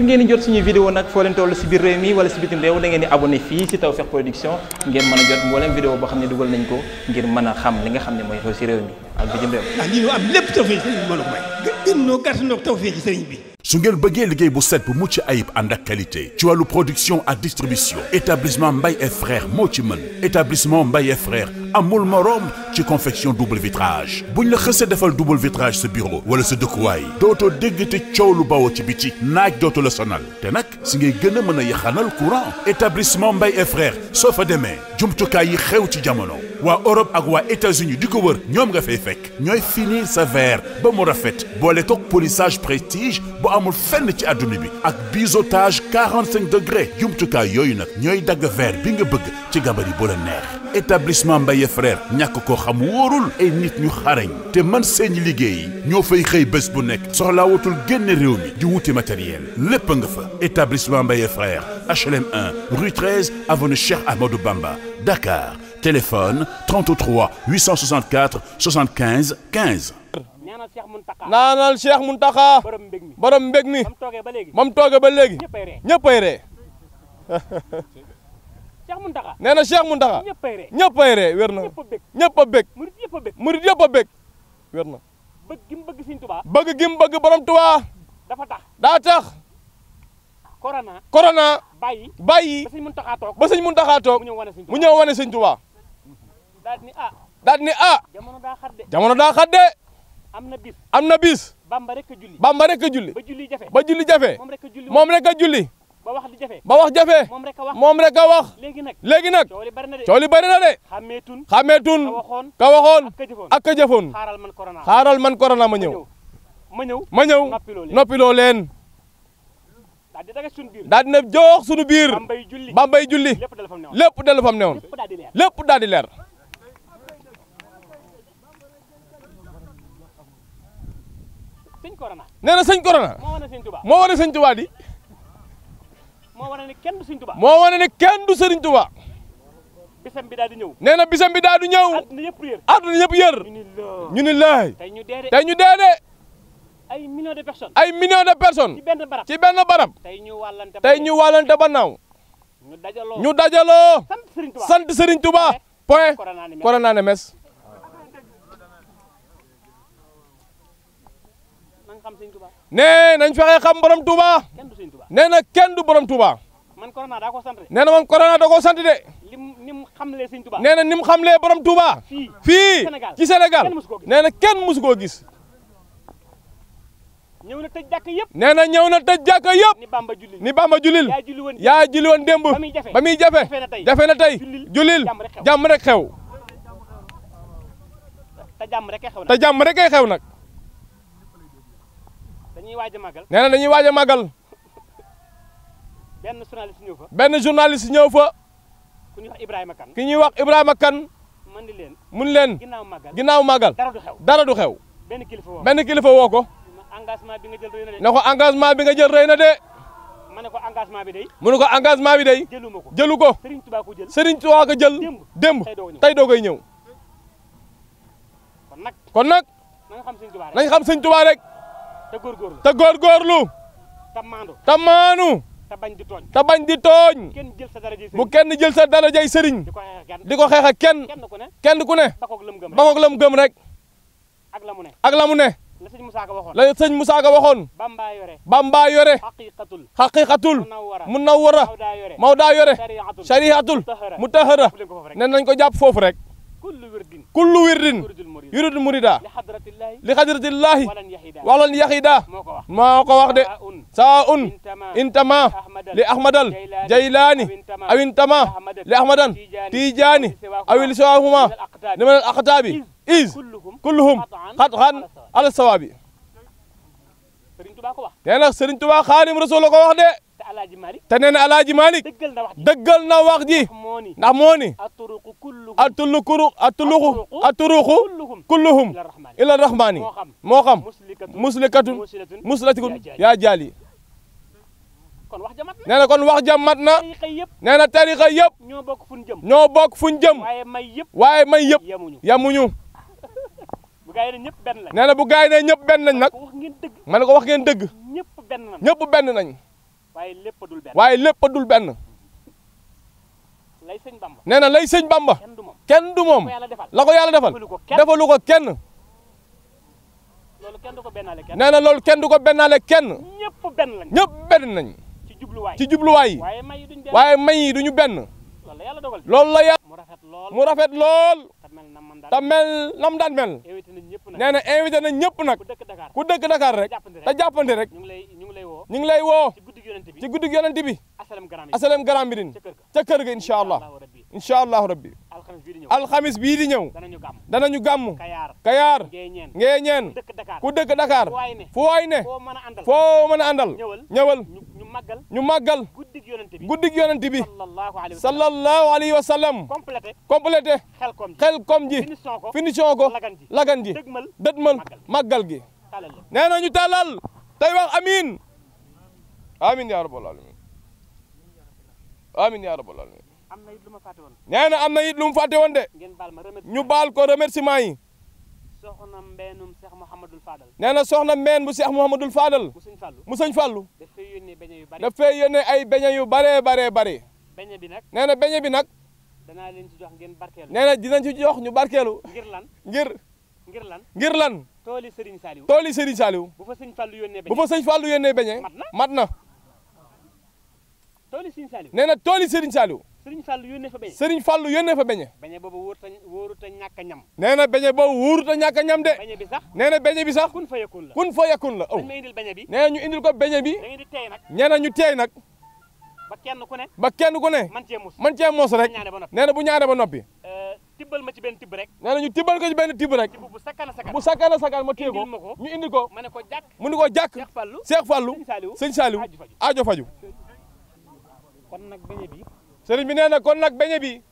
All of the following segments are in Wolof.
ngir ngeen di jot suñuy vidéo nag foo leen toll si biir réew mi wala si bitim réew da ngeen di abonné fii si Tawfekh Production ngeen mën a jot mboolem vidéo boo xam ne dugal nañ ko ngir mën a xam li nga xam ne mooy xew si réew mi ak bitim réew. ndax ah, lii ñu am lépp Tawfekh sëriñ bi sëriñ bi. su ngeen bëggee liggéey bu set bu mucc ayib ànd ak qualité ci wàllu production ak distribution établissement mbay et frères moo ci mën établissement Mbaye et frères amul morom ci confection double vitrage buñ la xësee defal double vitrage sa bureau wala sa dëkkuwaay dootoo dégg te coow lu bawoo ci biti naaj dootu la sonal te nag si ngay gën a mën a yaxanal courant établissement Mbaye et frères soo fa demee jumtukaay yi xew ci jamono waa Europe ak waa états di ko wër ñoom nga fay fekk ñooy finir sa verre ba mu rafet boole kook polissage prestige bu amul fenn ci adduna bi ak biseautage 45 degrés jumtukaay yooyu nag ñooy dagg verre bi nga bëgg ci gabari bu la neex. établissement Mbaye frère ñàkk ko xam wóorul ay nit ñu xarañ te man seen liggéey ñoo fay xëy bés bu nekk soxlaa wutul génn réew mi di wuti matériel lépp nga fa établissement Mbaye frère HLM 1 rue 13 avenue Cheikh Amadou Bamba Dakar téléphone 33 864 75 15. naanal Cheikh Mountakha mi ba mu toogee ba léegi ñëppay ree Cheikh Mountakha nee na Cheikh Mountakha ñëpp ay ree wér na ñëpp a bég murit yëpp a bég bëgg gi mu bëgg Sëriñ Tuubaa bëgg gi mu bëgg dafa tax daa tax corona corona bàyyi bàyyi ba Sëriñ Mountakha toog ba Sëriñ Mountakha toog mu ñëw wane Sëriñ Tuubaa daal ni ah daal ni ah. jamono daa xat de jamono daa xat de am na bis am na bis bamba rek a julli bamba rek a julli ba julli jafe moom rek a julli ba wax jafe ba wax moom rek a wax léegi nag coow li na de xàmmeetun ka waxoon ak ka jëfoon xaaral man korona ma ñëw ma ñëw noppiloo leen daal dina jox sunu biir bambay julli lépp dellu fam newoon lépp daal di leer nee na sëñ korona moo wane sëñ Tuubaa di wane du Serigne Touba. moo wane ne kenn du Serigne Touba. bisam bi daal di ñëw. nee na bisam bi daal di ñëw. yëpp yër. yëpp yër. ñu ni laay. tey ñu dee de. tey ay millions de personnes. ay millions de benn barab ci benn barab. tey ñu wàllante ba ñu wàllante ba naaw. ñu dajaloo ñu dajaloo. sant Serigne Touba sant Serigne Touba. point corona ne mes. nee nañ fexe xam borom Touba. nee kenn du borom Touba. man corona daa ko sant de. nee na moom corona da koo sant de. lim ni mu xamlee sëñ Touba. nee na ni mu xamlee borom Touba. fii ci Sénégal nee na kenn musu koo gis. ñëw na tëj jàkka yëpp. nee na ñëw na tëj jàkka yëpp. ni Bamba julil ni Bamba julil. yaa julli woon démb ba muy jafe jafe na tey julil jàmm rek xew. te jàmm rek xew nag te jàmm rek xew nag. dañuy waaj a màggal. nee na waaj a màggal. benn journaliste ñëw fa. benn journaliste ñëw fa. ku ñuy wax Ibrahima Kane. ki ñuy wax Ibrahima Kane. mën ni leen mun leen. ginnaaw màggal ginnaaw màggal. dara du xew dara du xew. benn kilifa woo ko benn kilifa woo ko. engagement bi nga jël rëy na ne ko engagement bi nga jël rëy na de. ma ne ko engagement bi day. mu ne ko engagement bi day. jëlu ma ko jëlu ko. Serigne Touba ko jël Serigne Touba ko jël. démb tey doo koy ñëw. kon nag kon nag. nañ xam Serigne Touba rek nañ xam Serigne Touba rek. te góorgóorlu te góorgóorlu. te maandu te maandu. te bañ di tooñ te bañ di tooñ bu kenn jël sa darajay sëriñ di ko xeex ak kenn kenn ku ne bakoog la mu gëm rek ak la mu ne ak la mu ne la sëñ Moussa Ka waxoon la sëñ Moussa Ka waxoon Bamba yore Bamba yore xaqiqatul xaqiqatul munawwara Mawda yore shariatul mutahara nee nañ ko jàpp foofu rek kullu wirdin yuridu murida li xadratillaahi walan yahida moo ko wax de saa un intama li ahmadal jaylaani aw intama li ahmadan tijaani aw li sawahuma li man al aqtaabi is kulluhum xatxan ala sawaabi nee na Sëriñ Tuubaa Xaadim Rasuul la ko wax de alaaji Malick te nee na alaaji Malick dëggal na wax ji dëggal na wax ji ndax moo ni aturuqu kulluhum atuluqu aturuqu kulluhum ila rahmaani moo xam muslikatun muslilatun yaa jaali nee na kon wax ja mat na nee na tarixa yëpp ñoo bokk fuñ jëm ñoo bokk fuñ jëm waaye may yëpp yamuñu nee na bu gaay ne ñëpp benn nañ nag ma ne ko wax ngeen dëgg ñëpp benn nañ waaye lépp dul benn waaye lépp dul benn. lay sëñ Bamba nee na lay sëñ Bamba kenn du moom la ko yàlla defal defalu ko kenn. nee na loolu kenn du ko benna bennaale kenn. ñëpp benn lañ ñëpp benn nañ. ci jubluwaay ci jubluwaay yi waaye may duñu benn. loolu la yàlla mu rafet lool. te mel nam daan mel. nee na invité na ñëpp nag ku dëkk Dakar rek te jàppandi rek ñu ngi lay woo. ci guddug yonent bi asalem Grand Médine ca kër ga incha allah incha allahu rabbi alxamis bii di ñëw danañu gàmm kayaar ngeeñeen ku dëkk Dakar fu waay ne foo mën a àndal ñëwal ñu màggal guddig yonent bi sallallahu alayhi wa sallam complété xel kom ji finition ko lagan ji dëtmal màggal gi nee na ñu tàllal tey amiin amiin yaa rabbal aalamiin amiin yaa rabbal aalamiin nee na am na it lu mu fàtte woon de ñu baal ko remerciement yi soxna mbeenum Cheikh Mouhamadul Fadal nee na soxna mbeen bu Cheikh Mouhamadul Fadal mu sëñ Fallou dafay yónnee ay beñe yu bare baree bare beñe bi nag nee na beñe bi nag danaa leen ci jox ngeen barkeelu nee na dinañ ci ñu barkeelu ngir lan ngir ngir lan ngir lan tooli Serigne Saliou tooli Serigne Saliou bu fa sëñ Fallou yónnee beñe mat na mat na tooli Serigne Saliou nee na tooli Serigne Saliou. Serigne Fallou yónnee fa beñe. Serigne beñe. beñe boobu wóorut a a ñam. nee a de. beñe bi sax nee na beñe bi sax. kun fa yakun la kun fa yakun la. Oh. dañ ma indil beñe bi. nee na ñu indil ko beñe bi. da ñu teey nag. ba kenn ku ne. ba kenn ku ne. man cee mos man cee mos rek. nee bu ñaare ba noppi. Euh, tibbal ma ci benn tibb rek. nee na ñu tibbal ko ci benn bu sakkan a sakkan a sakkan ma téye ko. ñu indil ko ma ne ko jàkk. mu ne ko jàkk. Cheikh Fallou Cheikh Fallou. Serigne Saliou aajo kon nag beñe bi. sëriñ bi nee na kon nag beñe bi.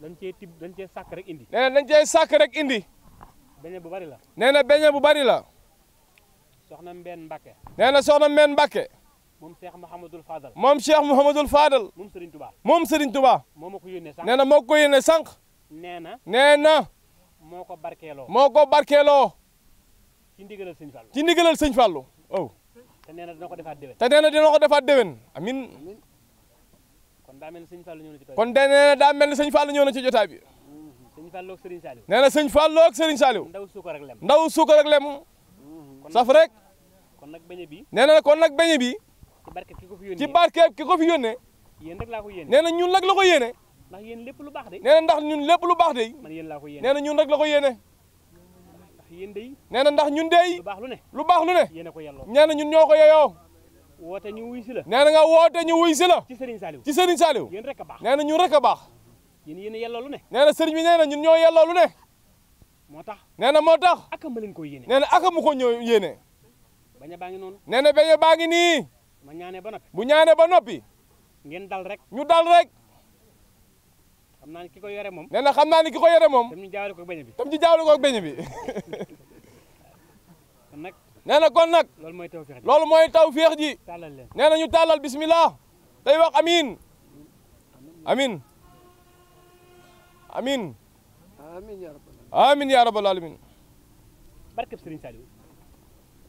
dañ cee tib dañ cee sàkk rek indi. nee na dañ cee sàkk rek indi. beñe bu bari la. nee na beñe bu bari la. soxna Mbène Mbacke. nee na soxna Mbène Mbacke. moom Cheikh Mouhamadul Fadal. moom Cheikh Mouhamadul Fadal. moom sëriñ Touba. moom Serigne Touba. moo ma ko yónnee sànq. na moo ko yónnee sànq. nee na. nee na. moo ko barkeeloo. moo ko barkeeloo. ci ndigalal sëñ Fallou. ci ndigalal sëñ Fallou. Oh. te nee na dina ko defaat déwén. te nee na dina ko defaat déwén amin kon daa mel ni sëñ Fall ñëw na ci kon nee na daa mel ni sëñ Fall ñëw na ci jotaay bi. Mm-hmm. sëñ Fall ak nee na sëñ Fall ak Serigne Saliou. ndaw suukar ak lem ndaw suukar ak lem. Mm-hmm. saf rek. kon nag beñe bi. nee na kon nag beñe bi. ci barkeeb ki ko fi yónnee ci ko fi yónnee. yéen rek laa nee na ñun rek la ko yéene. ndax yéen lépp lu baax de. nee na ndax ñun lépp lu baax de. man yéen laa ko yéene ñun rek la ko yéene. nee na ndax ñun dey lu baax lu ne lu ne nee na ñun ñoo ko yeyoo woote na nga woote ñu wuy si la ci Serigne Saliou ci Serigne Saliou yéen rek a baax nee na ñun rek a baax yéen lu ne nee na sëriñ bi nee na ñun ñoo yelloo lu ne moo tax nee na moo tax aka ma leen ko yéene nee na aka mu ko ñoo yéene bañ a baa ngi noonu nee na bañ baa ngi nii ma ñaanee ba bu ñaanee ba noppi ngeen dal rek ñu dal rek xam naa ni ki ko yore moom. nee na xam naa ni ki ko yore ko ak beñ bi tam kon nag. nee kon nag. loolu mooy tawféex ji loolu mooy tawféex ji. tàllal leen nee na ñu tàllal bismillah. day wax amin amin amin amin ya rabbal alamin